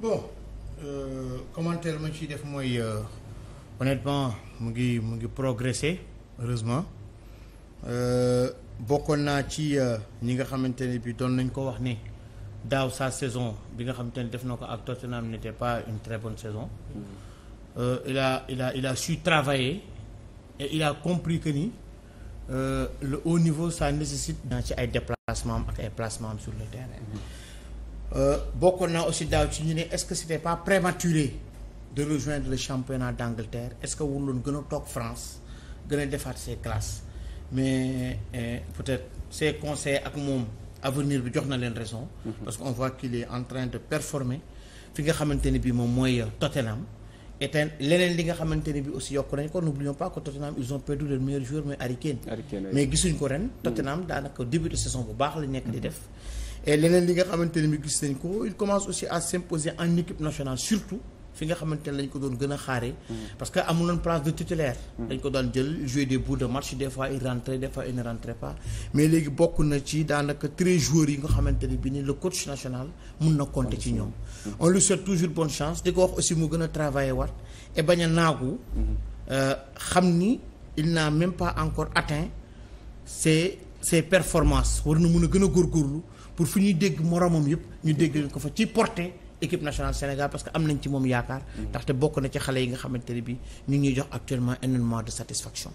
bon euh, commentaire ma ciy def mooy euh, mu ngi mu ngi progressé heureusement euh, bokkoon naa ci euh, ñi nga xamante ne bi doon nañ ko wax ni daaw sa saison bi nga xamante ne def na ko ak Tottenham n'était pas une très bonne saison mm-hmm. euh, il a il a il a su travailler et il a compris que ni euh, le haut niveau ça nécessite. ci ay déplacement am ak ay placement am sur le terrain. Mm-hmm. Euh, bokkoon naa aussi daaw ci ñu ne est-ce que c'était pas prématuré de rejoindre le championnat d'Angleterre est-ce que wuloon gën a toog France gën a defaat ses classes mais euh, peut-être ses conseil ak moom avenir bi jox na leen raison mm-hmm. parce qu'on voit en train de performer fi nga xamante ni bi moom mooy euh, Tottenham et leneen li nga xamante ni bi aussi yokk nañ ko n'oublions pas que Tottenham ils ont perdu leur meilleur joueur mooy Harry mais gisuñ ko ren mm-hmm. Tottenham daanaka début saison bu baax lañ nekk di mm-hmm. def et leneen li nga xamante ne mi gis nañ ko il commence aussi à s'imposer en équipe nationale surtout fi nga xamante ne lañ ko doon gën a xaaree. Mm. parce que amuloon place de titulaire. Mm. dañ ko doon jël jouer des bouts de match de fois il rentrait des fois il ne rentrait pas mais léegi bokk na ci daanaka treize joueurs yi nga xamante ne bi ni la coach national mun na compter ci ñoom. Mm. on lui souhaite toujours bonne chance di ko wax aussi mu gën a travailler waat et naagu. Mm-hmm. Euh, xam ni il n'a même pas encore atteint ses ses performances war na mun a gën a góorgóorlu. pour fu ñuy dégg moromam yëpp ñu dégg ko fa ci portée équipe nationale Sénégal parce que am nañ ci moom yaakaar. Mm. ndaxte bokk na ci xale yi nga xamante ne bi ñu ngi ñuy jox actuellement énormément de satisfaction.